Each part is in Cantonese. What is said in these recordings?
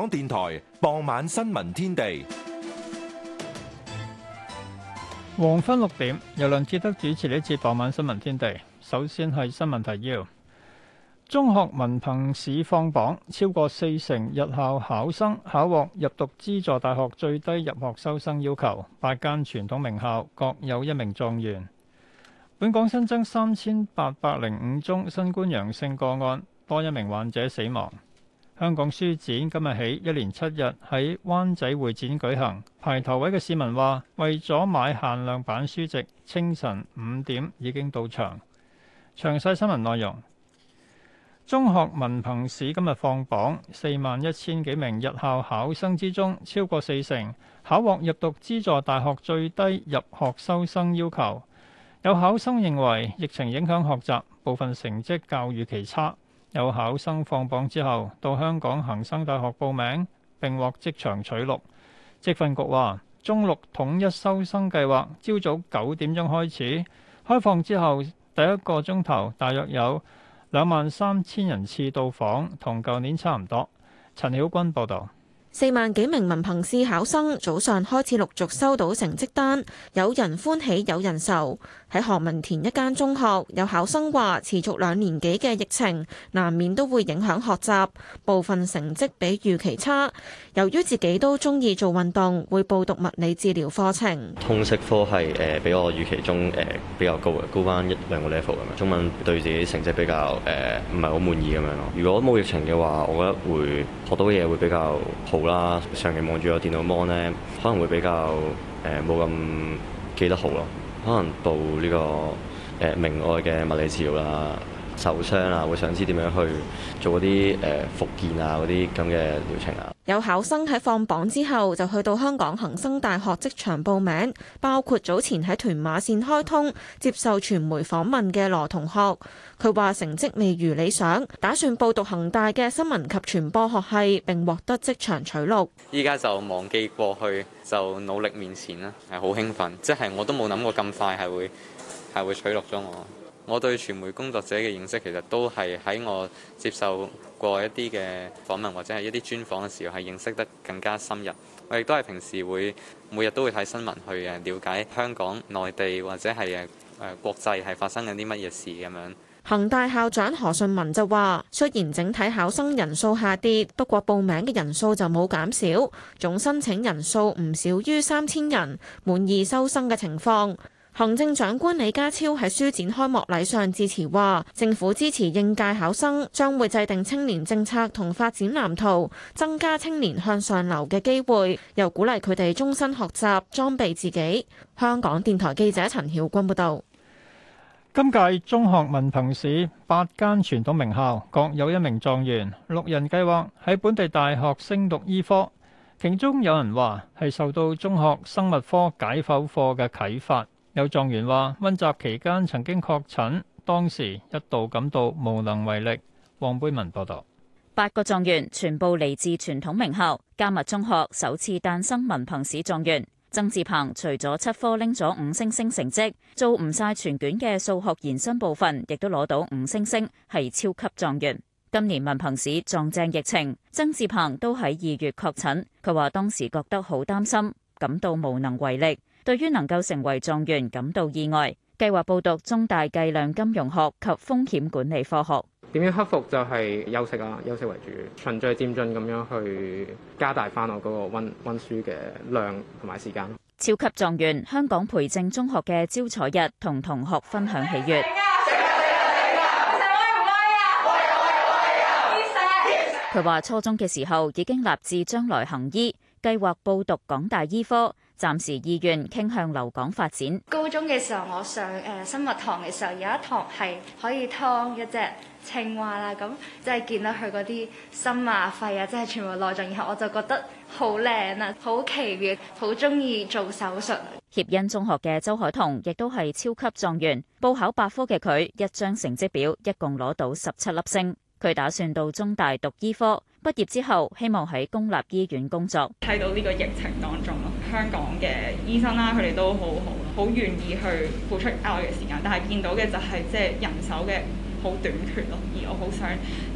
香港電台傍晚新聞天地，黃昏六點，由梁志德主持呢次傍晚新聞天地。首先係新聞提要：中學文憑試放榜，超過四成日校考生考獲入讀資助大學最低入學收生要求，八間傳統名校各有一名狀元。本港新增三千八百零五宗新冠陽性個案，多一名患者死亡。香港書展今日起一連七日喺灣仔會展舉行，排頭位嘅市民話：為咗買限量版書籍，清晨五點已經到場。詳細新聞內容。中學文憑試今日放榜，四萬一千幾名日校考生之中，超過四成考獲入讀資助大學最低入學收生要求。有考生認為疫情影響學習，部分成績較預期差。有考生放榜之後，到香港恒生大學報名並獲職場取錄。積分局話，中六統一收生計劃朝早九點鐘開始開放之後，第一個鐘頭大約有兩萬三千人次到訪，同舊年差唔多。陳曉君報導。四萬幾名文憑試考生早上開始陸續收到成績單，有人歡喜，有人愁。喺何文田一間中學，有考生話持續兩年幾嘅疫情，難免都會影響學習，部分成績比預期差。由於自己都中意做運動，會報讀物理治療課程。通識科係誒、呃，比我預期中誒、呃、比較高嘅，高翻一兩個 level 咁樣。中文對自己成績比較誒，唔係好滿意咁樣咯。如果冇疫情嘅話，我覺得會學到嘢會比較好啦。長期望住個電腦 mon 咧，可能會比較誒冇咁記得好咯。可能報呢、這個誒明愛嘅物理治療啦。受傷啊，會想知點樣去做嗰啲誒復健啊，嗰啲咁嘅療程啊。有考生喺放榜之後就去到香港恒生大學職場報名，包括早前喺屯馬線開通接受傳媒訪問嘅羅同學，佢話成績未如理想，打算報讀恒大嘅新聞及傳播學系並獲得職場取錄。依家就忘記過去，就努力面前啦，係好興奮，即係我都冇諗過咁快係會係會取錄咗我。我對傳媒工作者嘅認識其實都係喺我接受過一啲嘅訪問或者係一啲專訪嘅時候係認識得更加深入。我亦都係平時會每日都會睇新聞去了解香港、內地或者係誒誒國際係發生緊啲乜嘢事咁樣。恒大校長何順文就話：雖然整體考生人數下跌，不過報名嘅人數就冇減少，總申請人數唔少於三千人，滿意收生嘅情況。行政長官李家超喺書展開幕禮上致辭，話政府支持應屆考生，將會制定青年政策同發展藍圖，增加青年向上流嘅機會，又鼓勵佢哋終身學習，裝備自己。香港電台記者陳曉君報道。今屆中學文憑試八間傳統名校各有一名狀元，六人計劃喺本地大學升讀醫科，其中有人話係受到中學生物科解剖課嘅啟發。有狀元話，溫習期間曾經確診，當時一度感到無能為力。黃貝文報道，八個狀元全部嚟自傳統名校迦密中學，首次誕生文憑試狀元曾志鵬。除咗七科拎咗五星星成績，做唔晒全卷嘅數學延伸部分，亦都攞到五星星，係超級狀元。今年文憑試撞正疫情，曾志鵬都喺二月確診，佢話當時覺得好擔心，感到無能為力。對於能夠成為狀元感到意外，計劃報讀中大計量金融學及風險管理科學。點樣克服就係休息啦、啊，休息為主，循序漸進咁樣去加大翻我嗰個溫溫書嘅量同埋時間。超級狀元，香港培正中學嘅招彩日同同學分享喜悅。佢話、啊啊啊啊、初中嘅時候已經立志將來行醫，計劃報讀港大，大醫科。暫時意願傾向留港發展。高中嘅時候，我上誒、呃、生物堂嘅時候，有一堂係可以劏一隻青蛙啦，咁即係見到佢嗰啲心啊、肺啊，即係全部內臟，然後我就覺得好靚啊，好奇妙，好中意做手術。協恩中學嘅周海彤亦都係超級狀元，報考八科嘅佢一張成績表，一共攞到十七粒星。佢打算到中大讀醫科，畢業之後希望喺公立醫院工作。睇到呢個疫情當中。香港嘅醫生啦、啊，佢哋都好好，好願意去付出額外嘅時間，但係見到嘅就係即係人手嘅好短缺咯。而我好想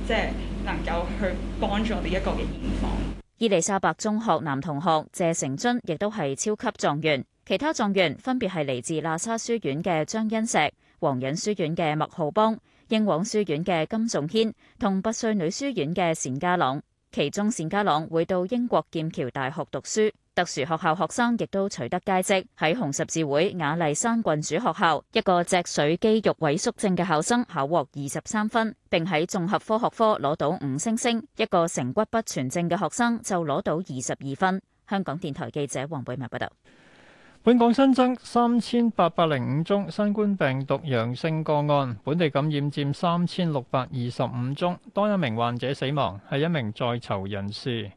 即係、就是、能夠去幫助我哋一個嘅現況。伊利沙伯中學男同學謝成津亦都係超級狀元，其他狀元分別係嚟自喇沙書院嘅張欣石、皇仁書院嘅麥浩邦、英皇書院嘅金仲軒同拔萃女書院嘅善家朗，其中善家朗會到英國劍橋大學讀書。特殊學校學生亦都取得佳績，喺紅十字會雅麗珊郡主學校，一個脊髓肌肉萎縮症嘅考生考獲二十三分，並喺綜合科學科攞到五星星；一個成骨不全症嘅學生就攞到二十二分。香港電台記者黃貝密報道。本港新增三千八百零五宗新冠病毒陽性個案，本地感染佔三千六百二十五宗，多一名患者死亡，係一名在囚人士。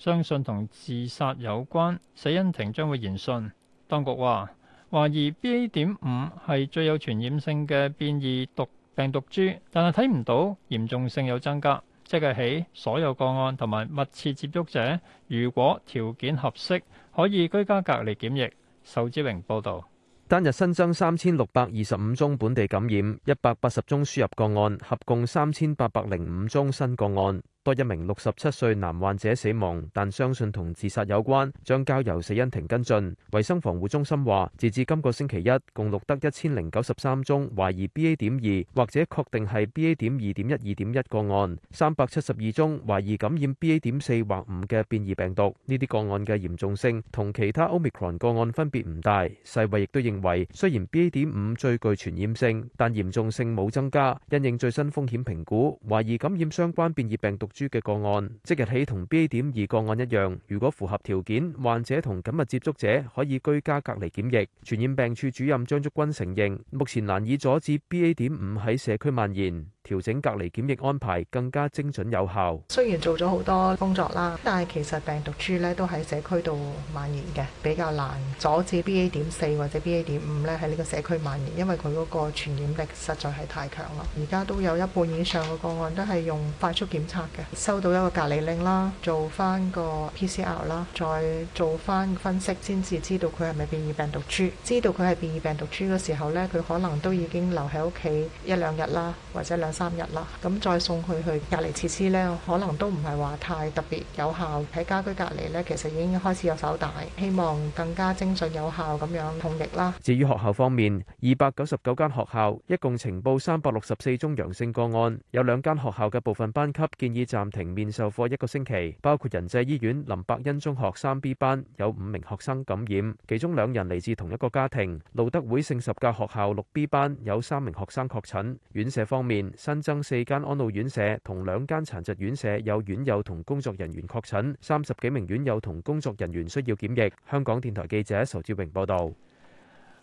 相信同自殺有關，死因庭將會研訊。當局話懷疑 B. A. 點五係最有傳染性嘅變異毒病毒株，但係睇唔到嚴重性有增加，即日起所有個案同埋密切接觸者，如果條件合適，可以居家隔離檢疫。仇志榮報導。單日新增三千六百二十五宗本地感染，一百八十宗輸入個案，合共三千八百零五宗新個案。多一名六十七歲男患者死亡，但相信同自殺有關，將交由死因庭跟進。衛生防護中心話，截至今個星期一，共錄得一千零九十三宗懷疑 BA 點二或者確定係 BA 點二點一二點一個案，三百七十二宗懷疑感染 BA 點四或五嘅變異病毒。呢啲個案嘅嚴重性同其他 Omicron 個案分別唔大。世衛亦都認為，雖然 BA 點五最具傳染性，但嚴重性冇增加。因應最新風險評估，懷疑感染相關變異病毒株嘅個案即日起同 BA 點二個案一樣，如果符合條件，患者同緊密接觸者可以居家隔離檢疫。傳染病處主任張竹君承認，目前難以阻止 B A 點五喺社區蔓延，調整隔離檢疫安排更加精準有效。雖然做咗好多工作啦，但係其實病毒株咧都喺社區度蔓延嘅，比較難阻止 B A 點四或者 B A 點五咧喺呢個社區蔓延，因為佢嗰個傳染力實在係太強啦。而家都有一半以上嘅個案都係用快速檢測。收到一個隔離令啦，做翻個 PCR 啦，再做翻分析，先至知道佢係咪變異病毒株。知道佢係變異病毒株嘅時候呢，佢可能都已經留喺屋企一兩日啦，或者兩三日啦。咁再送佢去隔離設施呢，可能都唔係話太特別有效。喺家居隔離呢，其實已經開始有手帶，希望更加精準有效咁樣控疫啦。至於學校方面，二百九十九間學校一共呈報三百六十四宗陽性個案，有兩間學校嘅部分班級建議暫停面授課一個星期，包括仁濟醫院林百欣中學三 B 班有五名學生感染，其中兩人嚟自同一個家庭。路德會聖十架學校六 B 班有三名學生確診。院舍方面新增四間安老院舍同兩間殘疾院舍有院友同工作人員確診，三十幾名院友同工作人員需要檢疫。香港電台記者仇志榮報道。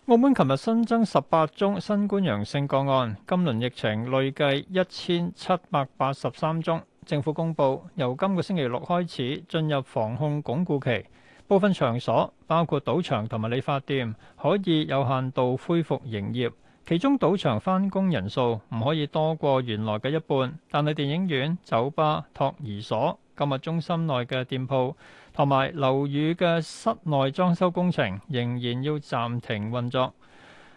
澳門琴日新增十八宗新冠陽性個案，今輪疫情累計一千七百八十三宗。政府公布，由今個星期六開始進入防控鞏固期。部分場所，包括賭場同埋理髮店，可以有限度恢復營業。其中賭場返工人數唔可以多過原來嘅一半，但係電影院、酒吧、托兒所、購物中心內嘅店鋪同埋樓宇嘅室內裝修工程仍然要暫停運作。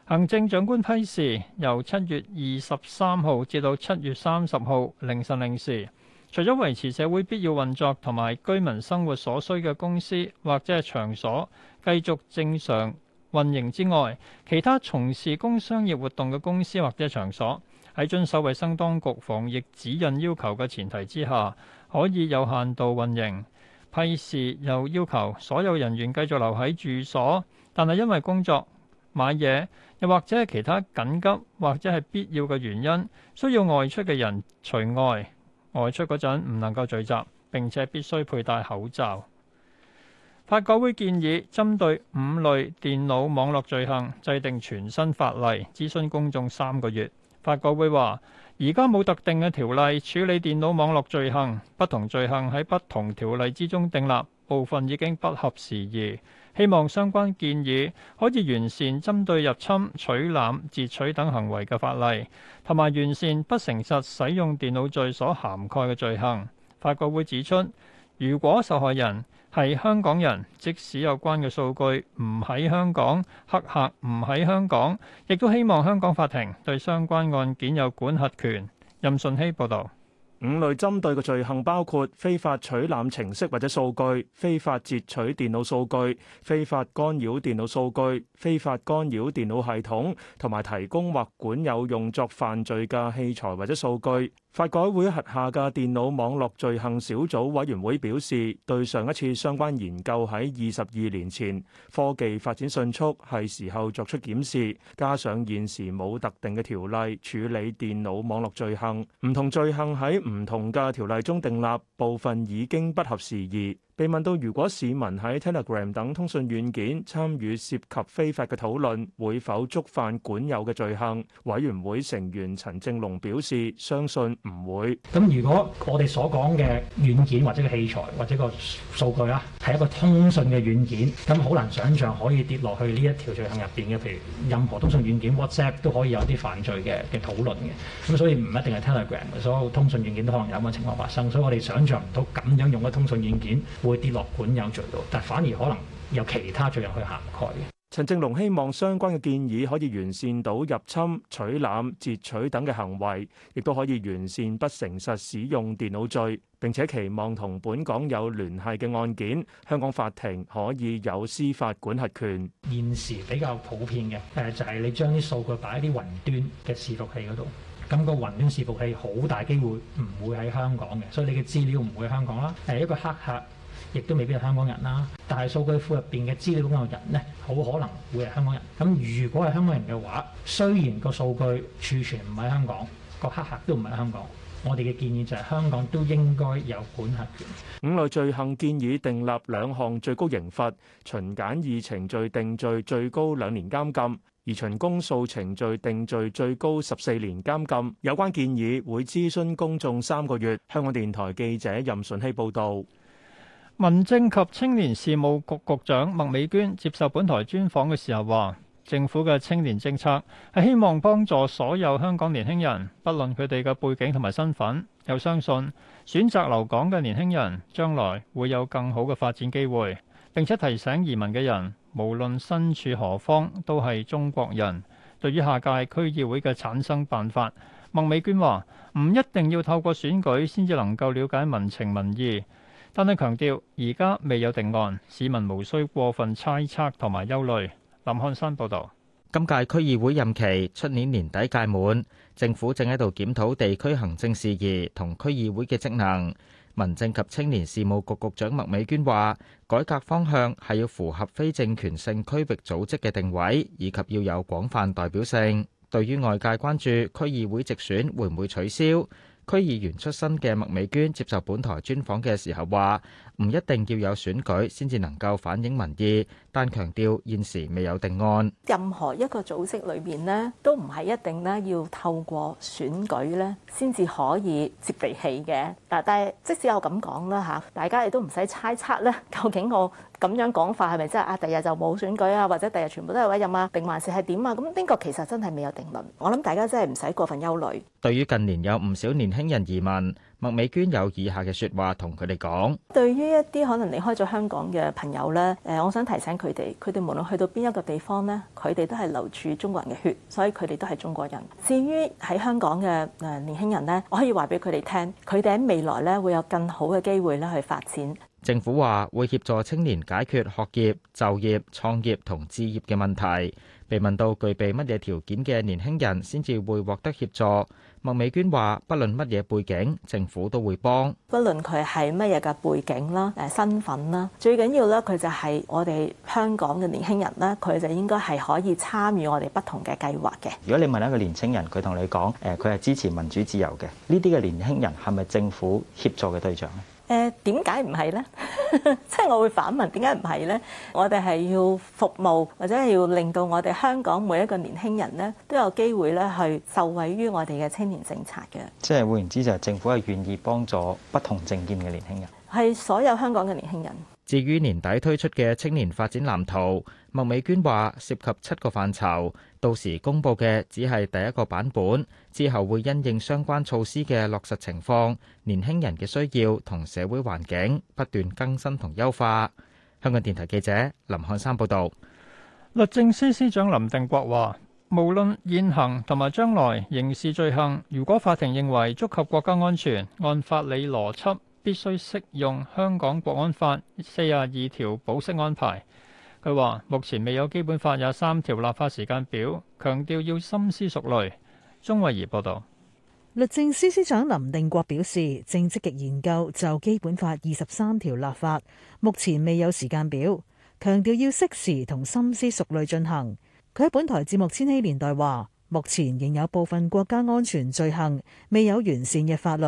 行政長官批示，由七月二十三號至到七月三十號凌晨零時。除咗維持社會必要運作同埋居民生活所需嘅公司或者係場所繼續正常運營之外，其他從事工商業活動嘅公司或者場所喺遵守衞生當局防疫指引要求嘅前提之下，可以有限度運營。批示又要求所有人員繼續留喺住所，但係因為工作、買嘢，又或者係其他緊急或者係必要嘅原因需要外出嘅人除外。外出嗰陣唔能夠聚集，並且必須佩戴口罩。法改會建議針對五類電腦網絡罪行制定全新法例，諮詢公眾三個月。法改會話：而家冇特定嘅條例處理電腦網絡罪行，不同罪行喺不同條例之中訂立，部分已經不合時宜。希望相關建議可以完善針對入侵、取覽、截取等行為嘅法例，同埋完善不誠實使用電腦罪所涵蓋嘅罪行。法改會指出，如果受害人係香港人，即使有關嘅數據唔喺香港，黑客唔喺香港，亦都希望香港法庭對相關案件有管轄權。任順希報導。五類針對嘅罪行包括非法取覽程式或者數據、非法截取電腦數據、非法干擾電腦數據、非法干擾電腦系統，同埋提供或管有用作犯罪嘅器材或者數據。法改會轄下嘅電腦網絡罪行小組委員會表示，對上一次相關研究喺二十二年前，科技發展迅速，係時候作出檢視。加上現時冇特定嘅條例處理電腦網絡罪行，唔同罪行喺唔同嘅條例中訂立，部分已經不合時宜。被問到如果市民喺 Telegram 等通訊軟件參與涉及非法嘅討論，會否觸犯管有嘅罪行？委員會成員陳正龍表示：相信唔會。咁如果我哋所講嘅軟件或者個器材或者個數據啊，係一個通訊嘅軟件，咁好難想像可以跌落去呢一條罪行入邊嘅。譬如任何通訊軟件 WhatsApp 都可以有啲犯罪嘅嘅討論嘅，咁所以唔一定係 Telegram，所有通訊軟件都可能有咁嘅情況發生。所以我哋想像唔到咁樣用嘅通訊軟件。會跌落管有罪度，但反而可能有其他罪入去涵蓋嘅。陳正龍希望相關嘅建議可以完善到入侵、取攬、截取等嘅行為，亦都可以完善不誠實使用電腦罪。並且期望同本港有聯繫嘅案件，香港法庭可以有司法管轄權。現時比較普遍嘅誒，就係你將啲數據擺喺啲雲端嘅伺服器嗰度，咁個雲端伺服器好大機會唔會喺香港嘅，所以你嘅資料唔會喺香港啦。誒，一個黑客。亦都未必係香港人啦，大數據庫入邊嘅資料嗰個人呢，好可能會係香港人。咁如果係香港人嘅話，雖然個數據儲存唔喺香港，個黑客都唔喺香港，我哋嘅建議就係香港都應該有管轄權。五類罪行建議訂立兩項最高刑罰，循簡易程序定罪最高兩年監禁，而循公訴程序定罪最高十四年監禁。有關建議會諮詢公眾三個月。香港電台記者任順希報導。民政及青年事務局局長麥美娟接受本台專訪嘅時候話：政府嘅青年政策係希望幫助所有香港年輕人，不論佢哋嘅背景同埋身份，又相信選擇留港嘅年輕人將來會有更好嘅發展機會，並且提醒移民嘅人，無論身處何方，都係中國人。對於下屆區議會嘅產生辦法，麥美娟話：唔一定要透過選舉先至能夠了解民情民意。但他強調，而家未有定案，市民無需過分猜測同埋憂慮。林漢山報導，今屆區議會任期出年年底屆滿，政府正喺度檢討地區行政事宜同區議會嘅職能。民政及青年事務局局長麥美娟話：改革方向係要符合非政權性區域組織嘅定位，以及要有廣泛代表性。對於外界關注區議會直選會唔會取消，區議員出身嘅麥美娟接受本台專訪嘅時候話。唔一定要有選舉先至能夠反映民意，但強調現時未有定案。任何一個組織裏面咧，都唔係一定咧要透過選舉咧先至可以接地氣嘅。嗱，但係即使我咁講啦嚇，大家亦都唔使猜測咧。究竟我咁樣講法係咪真係啊？第日就冇選舉啊，或者第日全部都係委任啊，定還是係點啊？咁呢個其實真係未有定論。我諗大家真係唔使過分憂慮。對於近年有唔少年輕人疑問。麥美娟有以下嘅說話同佢哋講：「對於一啲可能離開咗香港嘅朋友咧，誒，我想提醒佢哋，佢哋無論去到邊一個地方咧，佢哋都係流住中國人嘅血，所以佢哋都係中國人。至於喺香港嘅誒年輕人咧，我可以話俾佢哋聽，佢哋喺未來咧會有更好嘅機會咧去發展。」政府話會協助青年解決學業、就業、創業同置業嘅問題。被問到具備乜嘢條件嘅年輕人先至會獲得協助？麥美娟話：不論乜嘢背景，政府都會幫。不論佢係乜嘢嘅背景啦，誒身份啦，最緊要咧，佢就係我哋香港嘅年輕人咧，佢就應該係可以參與我哋不同嘅計劃嘅。如果你問一個年青人，佢同你講，誒，佢係支持民主自由嘅，呢啲嘅年輕人係咪政府協助嘅對象咧？誒點解唔係呢？即 係我會反問點解唔係呢？我哋係要服務，或者係要令到我哋香港每一個年輕人呢都有機會咧去受惠於我哋嘅青年政策嘅。即係換言之，就係政府係願意幫助不同政見嘅年輕人，係所有香港嘅年輕人。至於年底推出嘅青年發展藍圖，麥美娟話，涉及七個範疇，到時公布嘅只係第一個版本，之後會因應相關措施嘅落實情況、年輕人嘅需要同社會環境不斷更新同優化。香港電台記者林漢山報導。律政司司長林定國話：無論現行同埋將來刑事罪行，如果法庭認為觸及國家安全，按法理邏輯，必須適用香港國安法四十二條保釋安排。佢話：目前未有基本法廿三條立法時間表，強調要深思熟慮。鍾慧儀報導，律政司司長林定國表示，正積極研究就基本法二十三條立法，目前未有時間表，強調要適時同深思熟慮進行。佢喺本台節目《千禧年代》話：目前仍有部分國家安全罪行未有完善嘅法律。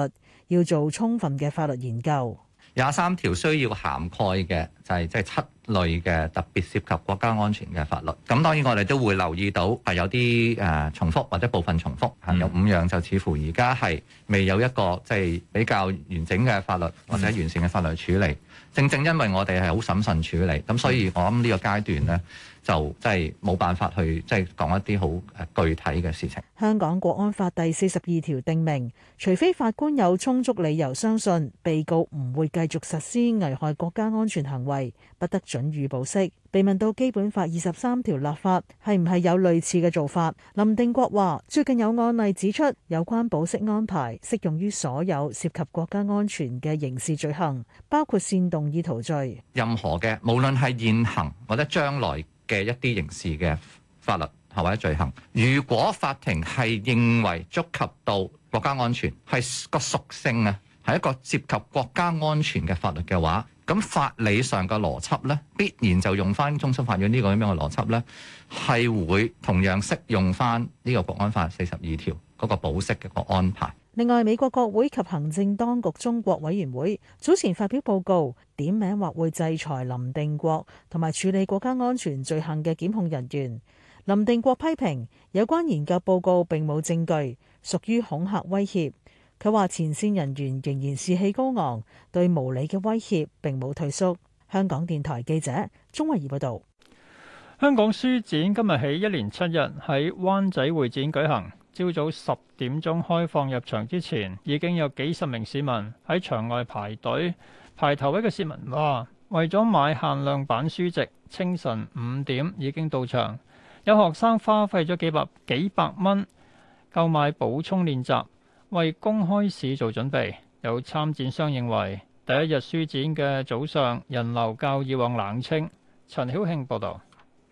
要做充分嘅法律研究，廿三條需要涵蓋嘅就係即係七類嘅特別涉及國家安全嘅法律。咁當然我哋都會留意到係有啲誒重複或者部分重複，嗯、有五樣就似乎而家係未有一個即係、就是、比較完整嘅法律或者完善嘅法律處理。嗯、正正因為我哋係好審慎處理，咁所以我諗呢個階段咧。就即係冇辦法去即係講一啲好具體嘅事情。香港國安法第四十二條定明，除非法官有充足理由相信被告唔會繼續實施危害國家安全行為，不得准予保釋。被問到基本法二十三條立法係唔係有類似嘅做法，林定國話：最近有案例指出，有關保釋安排適用於所有涉及國家安全嘅刑事罪行，包括煽動意圖罪。任何嘅無論係現行或者將來，嘅一啲刑事嘅法律，係或者罪行。如果法庭係認為觸及到國家安全，係個屬性啊，係一個涉及國家安全嘅法律嘅話，咁法理上嘅邏輯咧，必然就用翻中心法院呢個咁樣嘅邏輯咧，係會同樣適用翻呢個《國安法》四十二條嗰個保釋嘅個安排。另外，美國國會及行政當局中國委員會早前發表報告，點名或會制裁林定國同埋處理國家安全罪行嘅檢控人員。林定國批評有關研究報告並冇證據，屬於恐嚇威脅。佢話：前線人員仍然士氣高昂，對無理嘅威脅並冇退縮。香港電台記者鍾慧儀報導。香港書展今日起一連七日喺灣仔會展舉行。朝早十點鐘開放入場之前，已經有幾十名市民喺場外排隊。排頭位嘅市民話：為咗買限量版書籍，清晨五點已經到場。有學生花費咗幾百幾百蚊購買補充練習，為公開試做準備。有參展商認為，第一日書展嘅早上人流較以往冷清。陳曉慶報道。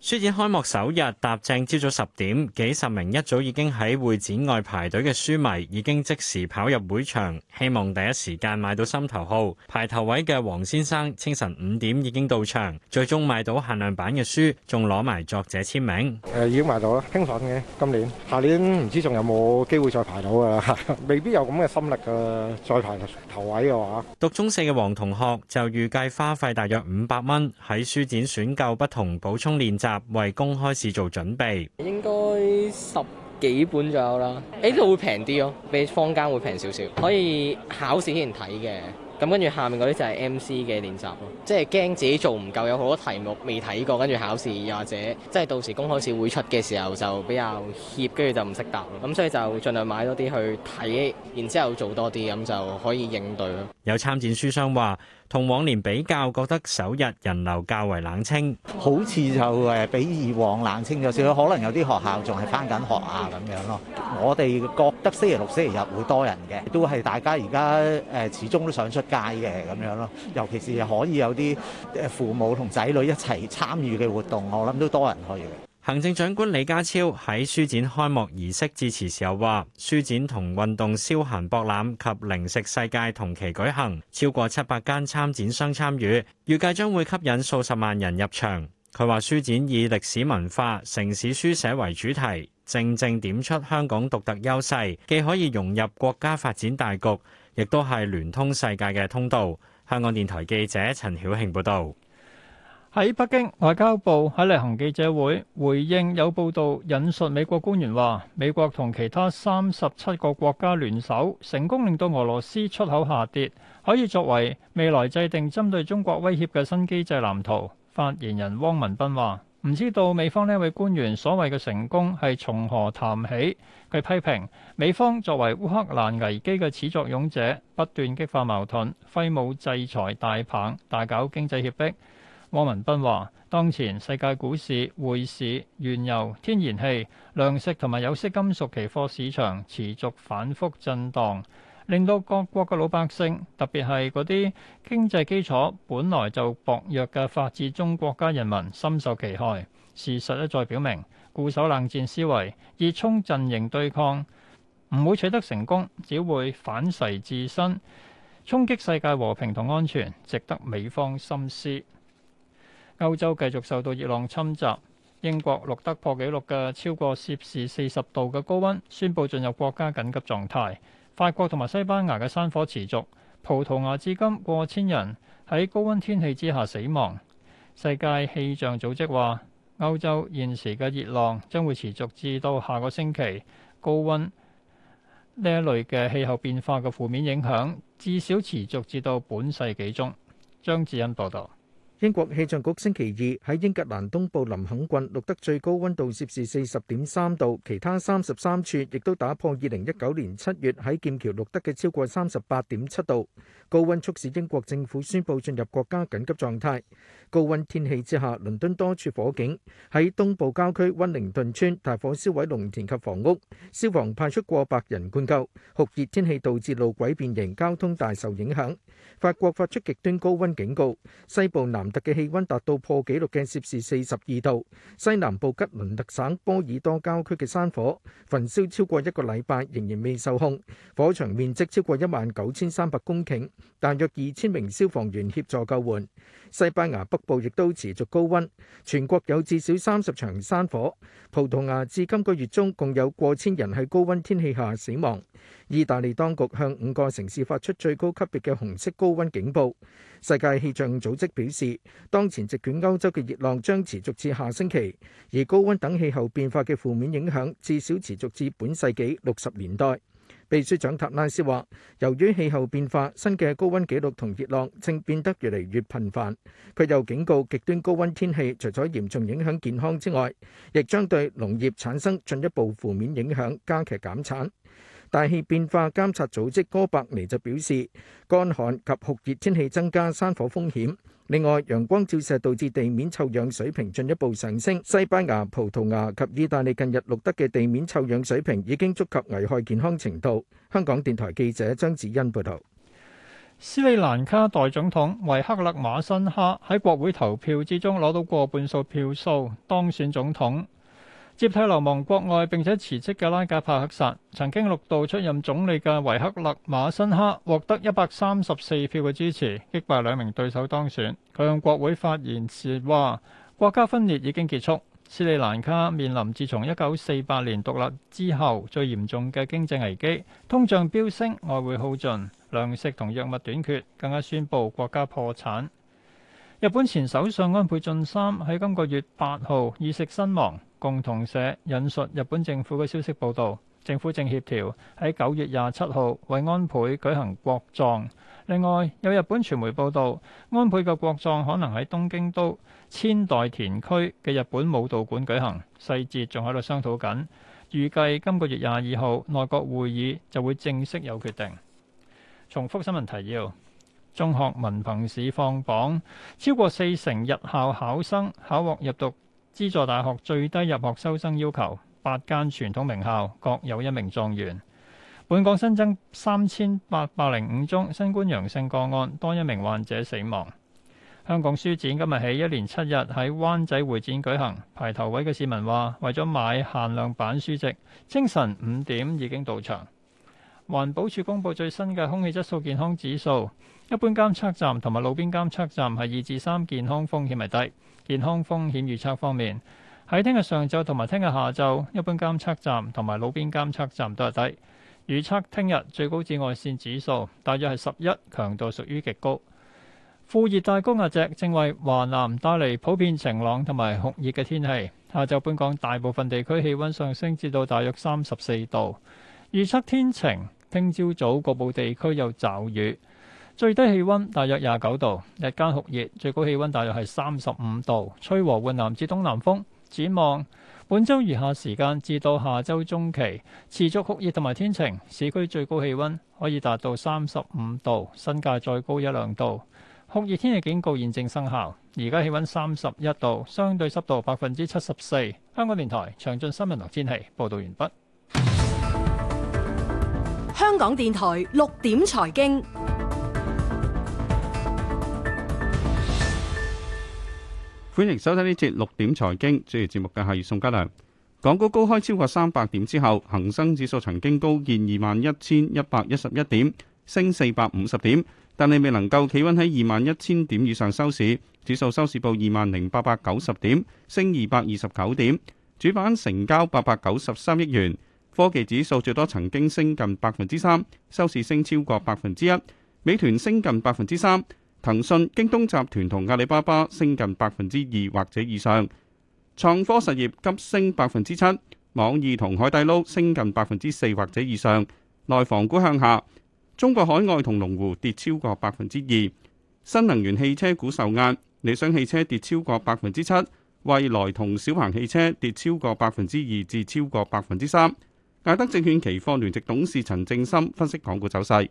書展開幕首日，踏正朝早十點，幾十名一早已經喺會展外排隊嘅書迷，已經即時跑入會場，希望第一時間買到心頭號。排頭位嘅黃先生，清晨五點已經到場，最終買到限量版嘅書，仲攞埋作者簽名。誒，已經買到啦，興奮嘅，今年，下年唔知仲有冇機會再排到啊？ 未必有咁嘅心力啊，再排頭位嘅話。讀中四嘅黃同學就預計花費大約五百蚊喺書展選購不同補充練習。為公開試做準備，應該十幾本左右啦。誒，度會平啲咯，比坊間會平少少。可以考試之前睇嘅，咁跟住下面嗰啲就係 MC 嘅練習咯。即係驚自己做唔夠，有好多題目未睇過，跟住考試又或者即係到時公開試會出嘅時候就比較怯，跟住就唔識答。咁所以就盡量買多啲去睇，然之後做多啲，咁就可以應對咯。有參展書商話。同往年比較，覺得首日人流較為冷清，好似就誒比以往冷清咗少少。可能有啲學校仲係返緊學啊咁樣咯。我哋覺得星期六、星期日會多人嘅，都係大家而家誒始終都想出街嘅咁樣咯。尤其是可以有啲誒父母同仔女一齊參與嘅活動，我諗都多人去嘅。行政長官李家超喺書展開幕儀式致辭時候話，書展同運動消閒博覽及零食世界同期舉行，超過七百間參展商參與，預計將會吸引數十萬人入場。佢話書展以歷史文化、城市書寫為主題，正正點出香港獨特優勢，既可以融入國家發展大局，亦都係聯通世界嘅通道。香港電台記者陳曉慶報道。喺北京外交部喺例行記者會回應有報道引述美國官員話美國同其他三十七個國家聯手成功令到俄羅斯出口下跌，可以作為未來制定針對中國威脅嘅新機制藍圖發言人汪文斌話唔知道美方呢位官員所謂嘅成功係從何談起？佢批評美方作為烏克蘭危機嘅始作俑者，不斷激化矛盾，揮舞制裁大棒，大搞經濟脅迫。汪文斌話，當前世界股市、匯市、原油、天然氣、糧食同埋有色金屬期貨市場持續反覆震盪，令到各國嘅老百姓，特別係嗰啲經濟基礎本來就薄弱嘅發展中國家人民深受其害。事實一再表明，固守冷戰思維、熱衷陣營對抗，唔會取得成功，只會反噬自身，衝擊世界和平同安全，值得美方深思。歐洲繼續受到熱浪侵襲，英國錄得破紀錄嘅超過攝氏四十度嘅高溫，宣佈進入國家緊急狀態。法國同埋西班牙嘅山火持續，葡萄牙至今過千人喺高溫天氣之下死亡。世界氣象組織話，歐洲現時嘅熱浪將會持續至到下個星期，高溫呢一類嘅氣候變化嘅負面影響至少持續至到本世紀中。張志恩報道。英國氣象局星期二喺英格蘭東部林肯郡錄得最高溫度攝氏四十點三度，其他三十三處亦都打破二零一九年七月喺劍橋錄得嘅超過三十八點七度。高溫促使英國政府宣布進入國家緊急狀態。高溫天氣之下，倫敦多處火警喺東部郊區溫寧頓村大火燒毀農田及房屋，消防派出過百人灌救。酷熱天氣導致路軌變形，交通大受影響。法國發出極端高溫警告，西部南特嘅氣溫達到破紀錄嘅攝氏四十二度。西南部吉倫特省波爾多郊區嘅山火，焚燒超過一個禮拜，仍然未受控。火場面積超過一萬九千三百公頃，大約二千名消防員協助救援。西班牙北部亦都持續高溫，全國有至少三十場山火。葡萄牙至今個月中共有過千人喺高溫天氣下死亡。義大利當局向五個城市發出最高級別嘅紅色高溫警報。世界氣象組織表示。當前席捲歐洲嘅熱浪將持續至下星期，而高温等氣候變化嘅負面影響至少持續至本世紀六十年代。秘書長塔拉斯話，由於氣候變化，新嘅高温紀錄同熱浪正變得越嚟越頻繁。佢又警告極端高温天氣除咗嚴重影響健康之外，亦將對農業產生進一步負面影響，加劇減產。大氣變化監察組織哥白尼就表示，乾旱及酷熱天氣增加山火風險。另外，陽光照射導致地面臭氧水平進一步上升。西班牙、葡萄牙及意大利近日錄得嘅地面臭氧水平已經觸及危害健康程度。香港電台記者張子欣報道。斯里蘭卡代總統維克勒馬辛哈喺國會投票之中攞到過半數票數，當選總統。接替流亡國外並且辭職嘅拉賈帕克薩，曾經六度出任總理嘅維克勒馬辛哈獲得一百三十四票嘅支持，擊敗兩名對手當選，佢向國會發言時話國家分裂已經結束，斯里蘭卡面臨自從一九四八年獨立之後最嚴重嘅經濟危機，通脹飆升，外匯耗盡，糧食同藥物短缺，更加宣布國家破產。日本前首相安倍晉三喺今個月八號意食身亡。共同社引述日本政府嘅消息報道，政府正協調喺九月廿七號為安倍舉行國葬。另外，有日本傳媒報道，安倍嘅國葬可能喺東京都千代田區嘅日本武道館舉行，細節仲喺度商討緊。預計今個月廿二號內閣會議就會正式有決定。重複新聞提要。中學文憑試放榜，超過四成日校考生考獲入讀資助大學最低入學收生要求。八間傳統名校各有一名狀元。本港新增三千八百零五宗新冠陽性個案，多一名患者死亡。香港書展今日起一連七日喺灣仔會展舉行，排頭位嘅市民話，為咗買限量版書籍，清晨五點已經到場。環保署公布最新嘅空氣質素健康指數。一般監測站同埋路邊監測站係二至三，健康風險係低。健康風險預測方面，喺聽日上晝同埋聽日下晝，一般監測站同埋路邊監測站都係低。預測聽日最高紫外線指數大約係十一，強度屬於極高。副熱帶高壓脊正為華南帶嚟普遍晴朗同埋酷熱嘅天氣，下晝本港大部分地區氣溫上升至到大約三十四度。預測天晴，聽朝早局部地區有驟雨。最低氣溫大約廿九度，日間酷熱，最高氣溫大約係三十五度，吹和緩南至東南風。展望本周餘下時間至到下周中期，持續酷熱同埋天晴，市區最高氣溫可以達到三十五度，新界再高一兩度。酷熱天氣警告現正生效，而家氣溫三十一度，相對濕度百分之七十四。香港電台詳盡新聞同天氣報道完畢。香港電台六點財經。歡迎收睇呢節六點財經，主持節目嘅係宋家良。港股高開超過三百點之後，恒生指數曾經高見二萬一千一百一十一點，升四百五十點，但係未能夠企穩喺二萬一千點以上收市。指數收市報二萬零八百九十點，升二百二十九點。主板成交八百九十三億元。科技指數最多曾經升近百分之三，收市升超過百分之一。美團升近百分之三。騰訊、京東集團同阿里巴巴升近百分之二或者以上，創科實業急升百分之七，網易同海底撈升近百分之四或者以上。內房股向下，中國海外同龍湖跌超過百分之二，新能源汽車股受壓，理想汽車跌超過百分之七，蔚來同小鵬汽車跌超過百分之二至超過百分之三。艾德證券期貨聯席董事陳正森分析港股走勢。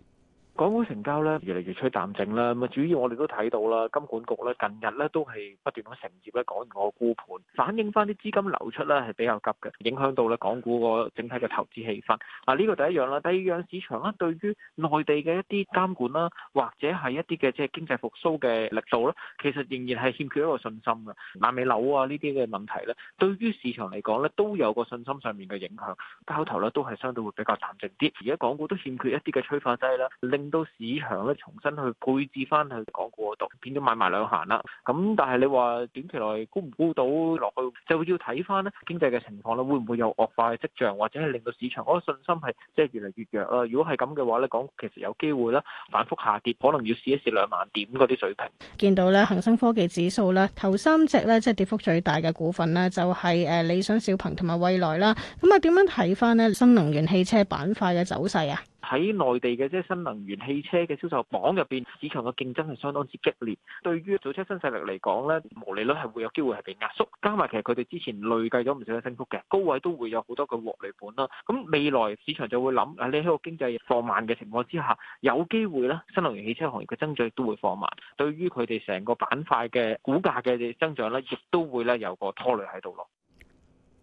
港股成交咧越嚟越趨淡靜啦，咁啊主要我哋都睇到啦，金管局咧近日咧都係不斷咁承接咧港元個沽盤，反映翻啲資金流出咧係比較急嘅，影響到咧港股個整體嘅投資氣氛。嗱、啊、呢、這個第一樣啦，第二樣市場咧對於內地嘅一啲監管啦，或者係一啲嘅即係經濟復蘇嘅力度咧，其實仍然係欠缺一個信心嘅。爛尾樓啊呢啲嘅問題咧，對於市場嚟講咧都有個信心上面嘅影響，交投咧都係相對會比較淡靜啲。而家港股都欠缺一啲嘅催化劑啦，令到市場咧，重新去配置翻去港股嗰度，變咗買賣兩行啦。咁但係你話短期內估唔估到落去，就要睇翻咧經濟嘅情況啦。會唔會有惡化嘅跡象，或者係令到市場嗰個信心係即係越嚟越弱啦？如果係咁嘅話咧，港股其實有機會咧反覆下跌，可能要試一試兩萬點嗰啲水平。見到咧恒生科技指數咧頭三隻咧即係跌幅最大嘅股份咧，就係、是、誒理想小鵬同埋蔚來啦。咁啊點樣睇翻咧新能源汽車板塊嘅走勢啊？喺內地嘅即係新能源汽車嘅銷售榜入邊，市場嘅競爭係相當之激烈。對於造車新勢力嚟講咧，毛利率係會有機會係被壓縮，加埋其實佢哋之前累計咗唔少嘅升幅嘅高位，都會有好多個獲利盤啦。咁未來市場就會諗啊，你喺個經濟放慢嘅情況之下，有機會咧，新能源汽車行業嘅增長都會放慢，對於佢哋成個板塊嘅股價嘅增長咧，亦都會咧有個拖累喺度咯。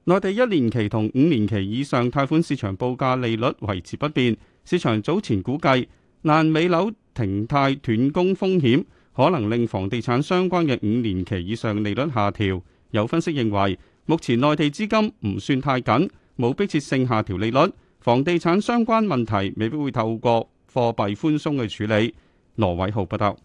內地一年期同五年期以上貸款市場報價利率維持不變。市場早前估計，爛尾樓停貸斷供風險可能令房地產相關嘅五年期以上利率下調。有分析認為，目前內地資金唔算太緊，冇迫切性下調利率。房地產相關問題未必會透過貨幣寬鬆去處理。羅偉浩報道。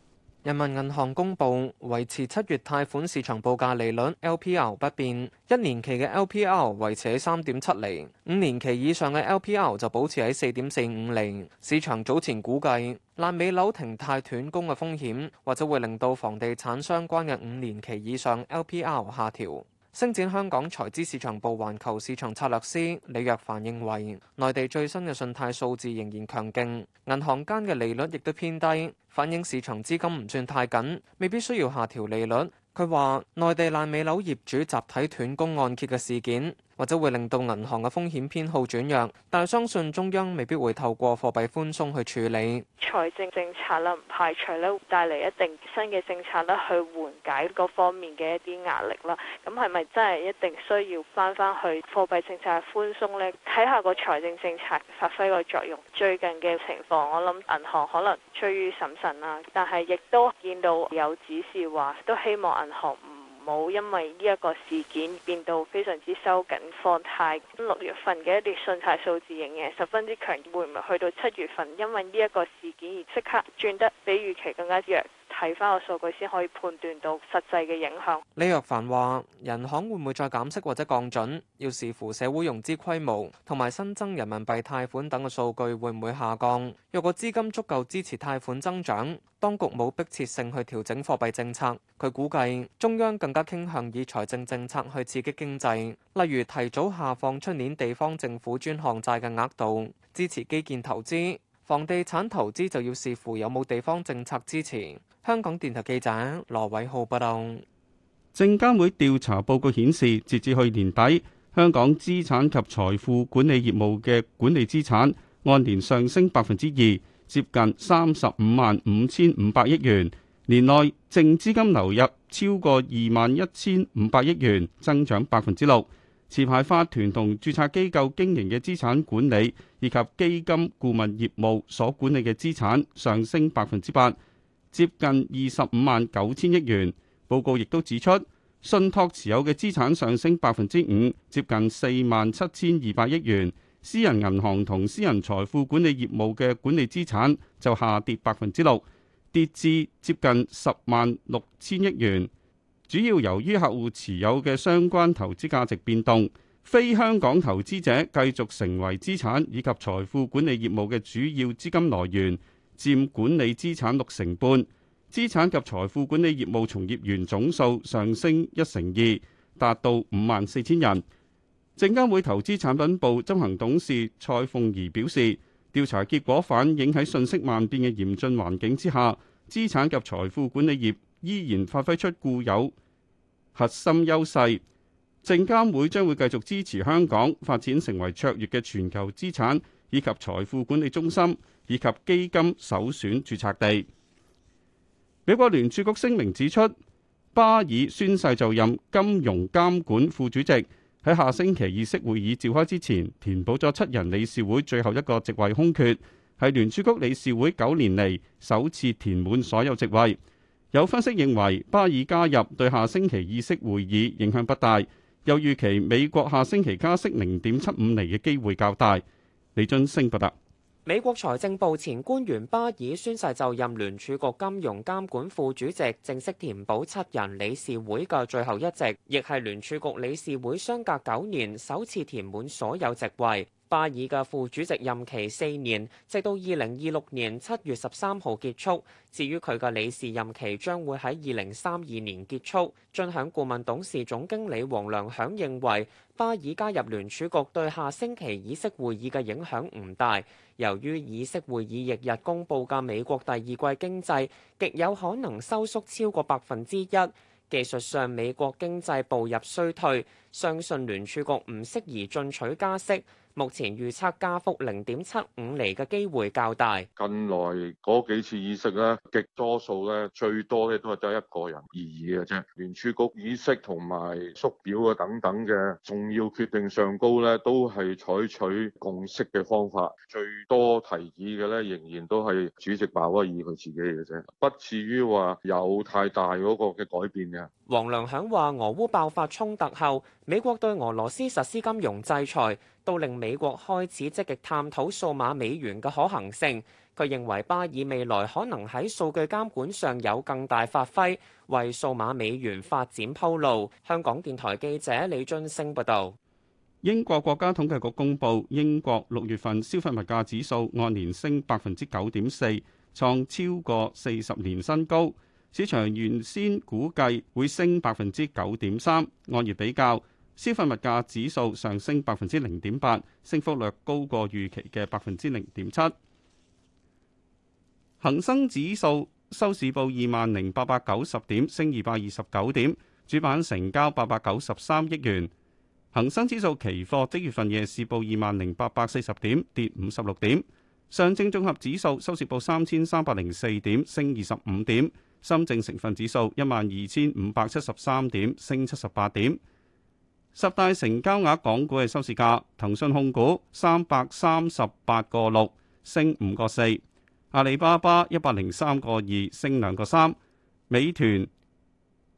人民銀行公布維持七月貸款市場報價利率 LPR 不變，一年期嘅 LPR 維持喺三點七釐，五年期以上嘅 LPR 就保持喺四點四五釐。市場早前估計，爛尾樓停貸斷供嘅風險，或者會令到房地產相關嘅五年期以上 LPR 下調。星展香港財資市場部環球市場策略師李若凡認為，內地最新嘅信貸數字仍然強勁，銀行間嘅利率亦都偏低，反映市場資金唔算太緊，未必需要下調利率。佢話，內地爛尾樓業主集體斷供按揭嘅事件，或者會令到銀行嘅風險偏好轉弱，但係相信中央未必會透過貨幣寬鬆去處理財政政策啦，唔排除咧帶嚟一定新嘅政策咧去緩解各方面嘅一啲壓力啦。咁係咪真係一定需要翻翻去貨幣政策寬鬆咧？睇下個財政政策發揮個作用。最近嘅情況，我諗銀行可能趨於審慎啦，但係亦都見到有指示話都希望銀行。冇因為呢一個事件變到非常之收緊放貸，六月份嘅一啲信貸數字仍然十分之強，會唔會去到七月份因為呢一個事件而即刻轉得比預期更加弱？睇翻個數據先，可以判斷到實際嘅影響。李若凡話人行會唔會再減息或者降準，要視乎社會融資規模同埋新增人民幣貸款等嘅數據會唔會下降。若果資金足夠支持貸款增長，當局冇迫切性去調整貨幣政策。佢估計中央更加傾向以財政政策去刺激經濟，例如提早下放出年地方政府專項債嘅額度，支持基建投資，房地產投資就要視乎有冇地方政策支持。香港電台記者羅偉浩報道，證監會調查報告顯示，截至去年底，香港資產及財富管理業務嘅管理資產按年上升百分之二，接近三十五萬五千五百億元。年內淨資金流入超過二萬一千五百億元，增長百分之六。持牌法團同注冊機構經營嘅資產管理以及基金顧問業務所管理嘅資產上升百分之八。接近二十五萬九千億元。報告亦都指出，信託持有嘅資產上升百分之五，接近四萬七千二百億元。私人銀行同私人財富管理業務嘅管理資產就下跌百分之六，跌至接近十萬六千億元。主要由於客戶持有嘅相關投資價值變動，非香港投資者繼續成為資產以及財富管理業務嘅主要資金來源。佔管理資產六成半，資產及財富管理業務從業員總數上升一成二，達到五萬四千人。證監會投資產品部執行董事蔡鳳儀表示，調查結果反映喺信息萬變嘅嚴峻環境之下，資產及財富管理業依然發揮出固有核心優勢。證監會將會繼續支持香港發展成為卓越嘅全球資產，以及財富管理中心，以及基金首選註冊地。美國聯儲局聲明指出，巴爾宣誓就任金融監管副主席，喺下星期議息會議召開之前，填補咗七人理事會最後一個席位空缺，係聯儲局理事會九年嚟首次填滿所有席位。有分析認為，巴爾加入對下星期議息會議影響不大，又預期美國下星期加息零點七五厘嘅機會較大。李俊升報道，美國財政部前官員巴爾宣誓就任聯儲局金融監管副主席，正式填補七人理事會嘅最後一席，亦係聯儲局理事會相隔九年首次填滿所有席位。巴爾嘅副主席任期四年，直到二零二六年七月十三號結束。至於佢嘅理事任期將會喺二零三二年結束。進享顧問董事總經理王良響認為，巴爾加入聯儲局對下星期議息會議嘅影響唔大，由於議息會議翌日公佈嘅美國第二季經濟極有可能收縮超過百分之一，技術上美國經濟步入衰退，相信聯儲局唔適宜進取加息。目前預測加幅零點七五厘嘅機會較大。近來嗰幾次議息咧，極多數咧最多咧都係得一個人而已嘅啫。聯儲局議息同埋縮表啊等等嘅重要決定上高咧，都係採取共識嘅方法，最多提議嘅咧仍然都係主席鮑威爾佢自己嘅啫，不至於話有太大嗰個嘅改變嘅。黃良響話：俄烏爆發衝突後，美國對俄羅斯實施金融制裁，都令美國開始積極探討數碼美元嘅可行性。佢認為巴爾未來可能喺數據監管上有更大發揮，為數碼美元發展鋪路。香港電台記者李俊升報道。英國國家統計局公布，英國六月份消費物價指數按年升百分之九點四，創超過四十年新高。市場原先估計會升百分之九點三，按月比較，消費物價指數上升百分之零點八，升幅略高過預期嘅百分之零點七。恒生指數收市報二萬零八百九十點，升二百二十九點，主板成交八百九十三億元。恒生指數期貨即月份夜市報二萬零八百四十點，跌五十六點。上證綜合指數收市報三千三百零四點，升二十五點。深證成分指數一萬二千五百七十三點，升七十八點。十大成交額港股嘅收市價：騰訊控股三百三十八個六，升五個四；阿里巴巴一百零三個二，升兩個三；美團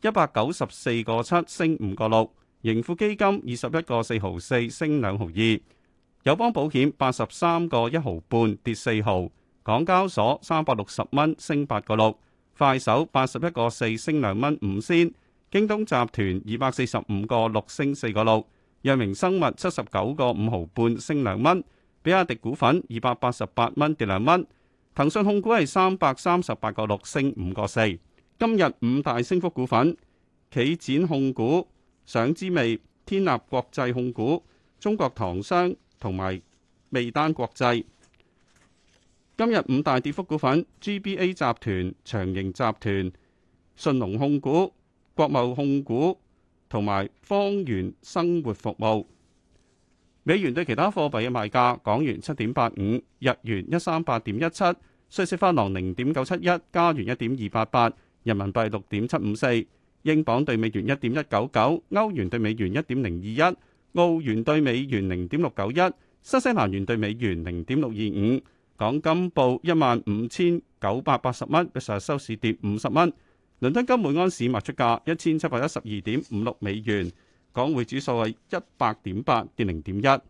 一百九十四個七，升五個六；盈富基金二十一個四毫四，升兩毫二；友邦保險八十三個一毫半，跌四毫；港交所三百六十蚊，升八個六。快手八十一個四升兩蚊五仙，京東集團二百四十五個六升四個六，藥明生物七十九個五毫半升兩蚊，比亞迪股份二百八十八蚊跌兩蚊，騰訊控股係三百三十八個六升五個四。今日五大升幅股份：企展控股、上之味、天立國際控股、中國唐商同埋味丹國際。今日五大跌幅股份：GBA 集團、長盈集團、信隆控股、國貿控股同埋方圓生活服務。美元對其他貨幣嘅賣價：港元七點八五，日元一三八點一七，瑞士法郎零點九七一，加元一點二八八，人民幣六點七五四，英鎊對美元一點一九九，歐元對美元一點零二一，澳元對美元零點六九一，新西蘭元對美元零點六二五。港金報一萬五千九百八十蚊，比上日收市跌五十蚊。倫敦金每安士賣出價一千七百一十二點五六美元。港匯指數係一百點八，跌零點一。